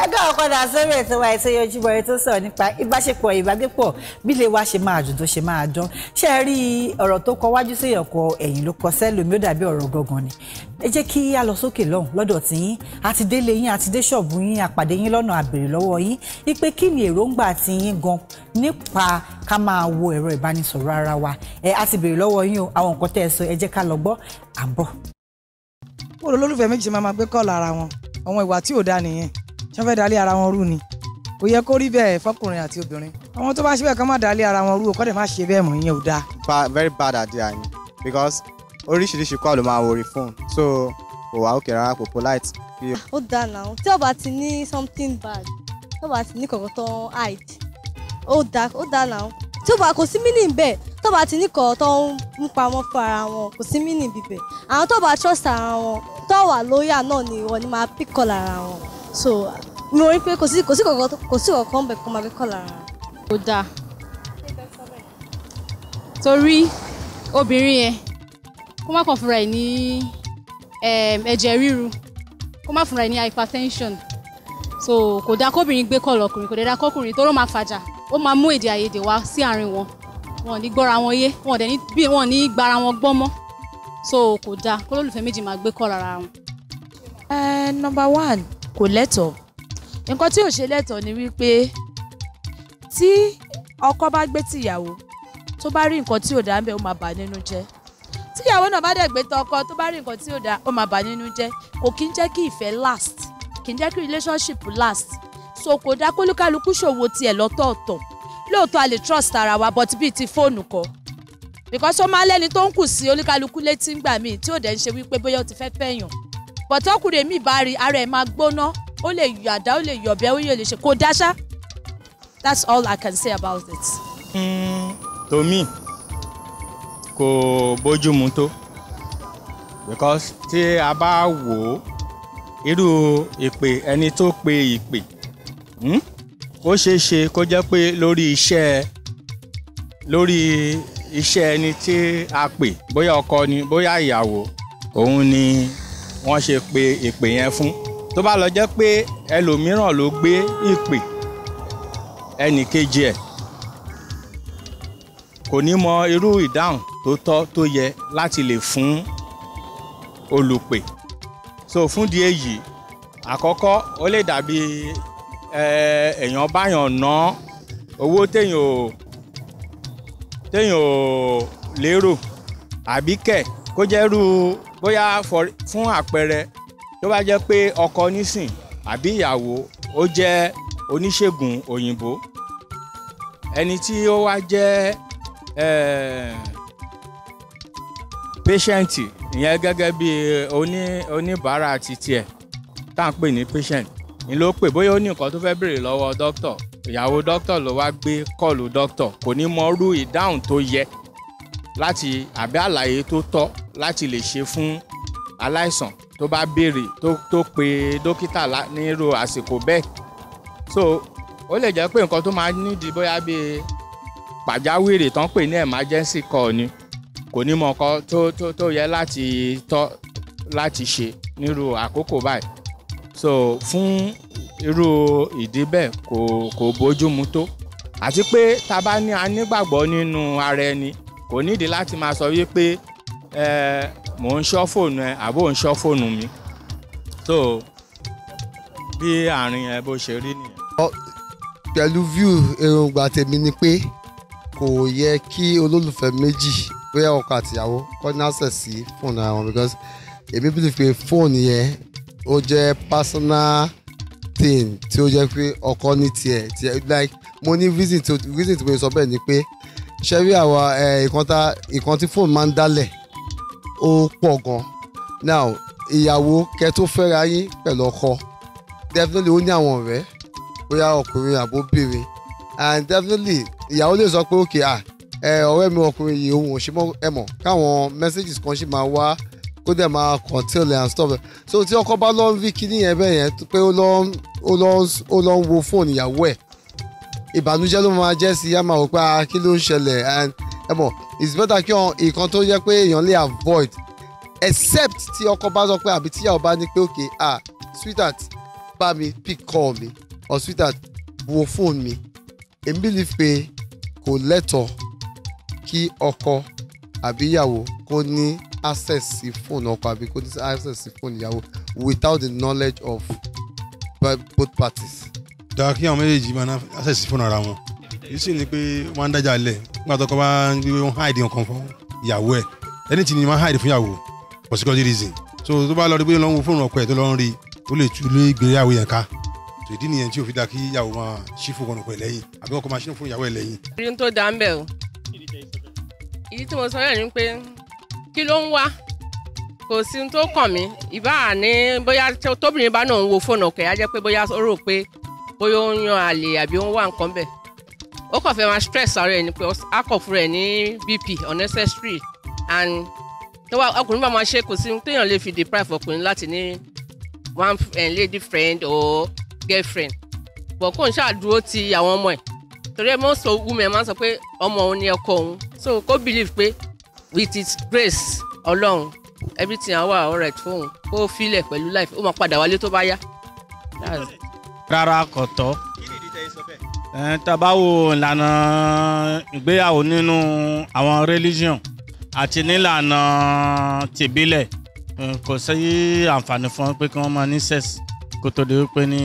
ẹgbẹ́ ọ̀kadà sórí ètò wa ètò Ojúmọ́ ire tó sọ̀rọ̀ nípa ìbáṣepọ̀ ìbágbépọ̀ bí ilé wa ṣe máa dùn tó ṣe máa dán ṣé É rí ọ̀rọ̀ tó kọ wájú sí ọkọ ẹ̀yìn ló kọ sẹ́lòmí ó dàbí ọ̀rọ̀ gangan ni ẹ jẹ́ kí a lọ sókè lọ́hùn lọ́dọ̀ tí yín àti délé yín àti dé ṣọ̀bù yín àpàdé yín lọ́nà àbèrè lọ́wọ́ yín wípé kí ni èròǹgbà ti yín gan nípa ká máa wo ẹ̀rọ ìbánisọ̀rọ̀ ara wa ẹ á ti bèrè lọ́wọ́ yín o àwọn nǹkan tẹ́ ẹ sọ ẹ jẹ́ ká lọ gbọ́ à ń bọ̀. olólùfẹ́ méjì máa máa gbé kọ́ọ̀lù ara wọn àwọn ìwà tí ò dáa nìyẹn ṣé wọ́n ara wọn rú ni kò yẹ kó rí bẹ́ẹ̀ fọkùnrin àti obìnrin àwọn tó bá ṣe bẹ́ẹ̀ kán má dalé ara wọn rú o kọ́dẹ̀ má ṣe bẹ́ẹ̀ mọ̀ ìyẹn ò dáa. very bad idea ni because oríṣiríṣi kọ́ ló máa wòrí fún so kò wá òkè rárá kò polite. ó dáa náà tí o bá ti ní something bad tí o bá ti ní kankan tó ń hide ó dáa ó dáa náà tí o bá kò sí mínì bẹ́ẹ̀ tó bá ti ní kankan tó ń pamọ́ fún ara wọn kò sí mínì bíbẹ̀ àwọn tó bá trust ara wọn tó wà lóyà náà ni wọ́n ni máa pick call ara wọn so mo rí pé kò sí kò sí kankan kò sí kankan bẹ̀ kó máa fi kọ́ lára. kò dáa torí obìnrin yẹn kó má kàn fúnra ẹ̀ ní ẹ̀jẹ̀ ríru kó má fúnra ẹ̀ ní hypertension so kò dáa kóbìnrin gbé kọ́ lọ́kùnrin kò dáa kọ́kùnrin tó ló máa fàjà ó máa mú èdè àìyedè wá sí àárín wọn wọn ò ní gbọ́ra wọn yé wọn ò dẹ̀ ní bí wọn ò ní gbara wọn gbọ́ mọ́ so kò dáa kó lólùfẹ́ méjì máa gbé kọ́ lára wọn. ẹ eh, nọmba one kò lẹ́tọ̀ọ́ nǹkan tí ò ṣe lẹ́tọ̀ọ́ ni wípé tí ọkọ bá gbé tìyàwó tó bá rí nǹkan tí ò dá ń bẹ ó máa bà nínú jẹ́ tíyàwó náà bá dẹ̀ gbé tọ ọkọ tó bá rí nǹkan tí ò dá ó máa bà nínú jẹ́ kò kí ń jẹ́ kí ìfẹ́ last kì í jẹ́ kí relationship last so kò dá kólúkálukú ṣòwò tiẹ̀ lọ́tọ̀ọ̀tọ̀ lóòótọ́ a lè trust ara wa but bíi ti fóònù kọ́ because ó máa lẹ́ni tó ń kù sí oníkálukú létí ńgbà míì tí ò dẹ̀ ń ṣe wípé bóyá ó ti fẹ́ fẹ́yàn but ọkùnrin mi bá rí ara ẹ̀ máa gbóná ó lè yọ àdá ó lè yọ ọ̀bẹ ó yẹ lè ṣe kó dáṣá that's all I can say about it. Mm, to me kò bójú mu tó because tí a bá wò ó irú ìpè ẹni tó pe ìpè hmm, ó ṣeé ṣe kó jẹ́ pé lórí iṣẹ́ lórí iṣẹ́ ẹni tí a pè bóyá ọkọ ni bóyá ìyàwó òun ni wọ́n ṣe pe ìpè yẹn fún tó bá lọ jẹ́ pé ẹlòmíràn ló gbé ìpè ẹnì kejì ẹ̀ kò ní mọ irú ìdáhùn tó tọ́ tó yẹ láti lè fún olùpè so fún di èyí àkọ́kọ́ ó lè dàbí èèyàn báyàn ná owó téèyàn ò téèyàn ò lérò àbí kó jẹ́ bóyá fún àpẹẹrẹ tó bá jẹ́ pé ọkọ nísìn àbí ìyàwó ó jẹ́ oníṣègùn òyìnbó ẹni tí ó wá jẹ́ eh, patient ìyẹn gẹ́gẹ́ bí oníbàárà ti tiẹ̀ tá à ń pè ní patient ni ló pè bóyá ó ní nǹkan tó fẹ́ béèrè lọ́wọ́ dókítà ìyàwó dókítà ló wá gbé kọ́ọ̀lù dókítà kò ní mọ irú ìdáhùn tó yẹ láti àbí àlàyé tó tọ́ láti lè ṣe fún aláìsàn tó bá béèrè tó tó pe dókítà nírú àsìkò bẹ́ẹ̀ so ó lè jẹ́ pé nǹkan tó máa nídìí bóyá bíi pàjáwìrì tán pè ní emergency call ni kò ní mọ nǹkan tó tó tó yẹ láti tọ́ láti ṣe nírú àkókò báyìí so fún irú ìdí bẹ́ẹ̀ kò kò bójúmu tó àti pé tá a bá ní anígbàgbọ́ nínú ara ẹni kò nídìí láti máa sọ wípé mò ń ṣọ́ fóònù ẹ àbò ń ṣọ́ fóònù mi so bí àárín ẹ bó ṣe rí nìyẹn. pẹ̀lú view èròǹgbà tèmi ni pé kò yẹ kí olólùfẹ́ méjì bóyá ọkọ àtìyàwó kọ́ ní access sí fóònù ara wọn because èmi bí fi fóònù yẹn ó jẹ́ personal thing tí ó jẹ́ pé ọkọ ní tiẹ̀ tiẹ̀ like mo ní reason to reason to be sọ bẹ́ẹ̀ ni pé ṣẹ́rí àwa ìkan eh, tí fóònù máa ń dálẹ̀ ó pọ̀ gan now ìyàwó kẹ́ tó fẹ́ra yín pẹ̀lú ọkọ definitely ó ní àwọn ọ̀rẹ́ bóyá ọkùnrin àbóbìnrin and definitely ìyàwó lè sọ pé ok ah ọ̀rẹ́ mi ọkùnrin yìí òun ò ṣe mọ́ ẹ mọ̀ káwọn messages kan ṣì máa wá kó dẹ̀ máa control and stuff so tí ọkọ bá lọ ń rí kíní yẹn bẹ́ẹ̀ yẹn pé ó lọ ó lọ ó lọ ń wo fóònù ìyàwó ẹ̀ ìbànújẹ́ ló máa jẹ́ sí yàmà ó pa kí ló ń ṣẹlẹ̀ and ẹ it's better kí wọn nǹkan tó yẹ pé èèyàn lè avoid except tí ọkọ bá sọ pé àbí tíyàwó bá ní pé okay ah sweetheart bá mi pick call me. or sweetheart bu fóònù mi èmi believe pé kò lẹ́tọ̀ọ́ kí ọkọ àbí ìyàwó kó ní access sí fóònù ọkọ àbí kó ní access sí phone ìyàwó without the knowledge of both parties. dáa kí àwọn méjèèjì máa ná access sí fóònù ara wọn kì í sì ní pé wọ́n á dájà lẹ̀ nígbà tó kọ́ bá ń gbé wọn hide nǹkan fún ìyàwó ẹ̀ ẹni tí ni wọ́n hide fún ìyàwó for security reason so tó bá lọ rí pé lọ́n wo fóònù ọkọ ẹ̀ tó lọ́n rí ó lè tú lé ìgbéyàwó yẹn ká tó ìdí nìyẹn tí ò fi da kí ìyàwó máa ṣí fún ọkọ ẹ̀ lẹ́yìn àbí ọkọ máa ṣí fún ìyàwó ẹ̀ lẹ́yìn. ìrìn tó dá ń bẹ̀ o ìdí tí mo sọ yẹn ni pé kí ló ń wá kò sí tó kàn mí ìbá ní bóyá tóbìnrin bá náà ń wo fóònù ọkọ ẹ̀ á jẹ́ pé bóyá ó rò pé bóyá ó ń yan àlè àbí ó ń wá nǹkan bẹ́ẹ̀ ó kàn fẹ́ máa stress ara ẹ̀ ni pé akọ̀ fún rẹ̀ ní bp unnecessary and tọ́wọ́ ọkùnrin bá máa ṣe kò sí téèyàn lè fi deprive ọkùnrin láti ní one eh, lady friend or girlfriend but kò ń ṣàdúró ti àwọn ọmọ ẹ̀ torí ẹ mọ sọ women máa ń sọ pé ọmọ òun ni ọkọ òun so kó believe pé with his grace ọlọ́run everything á wà alright fóun kó filẹ̀ pẹ̀lú life ó máa padà wálé tó bá yá. rárá kò tọ́ tá a bá wo ìlànà ìgbéyàwó nínú àwọn religion àti nílànà tìbílẹ̀ kò sí àǹfààní fún wọn pé kí wọ́n máa ní sex kó tó di wípé ní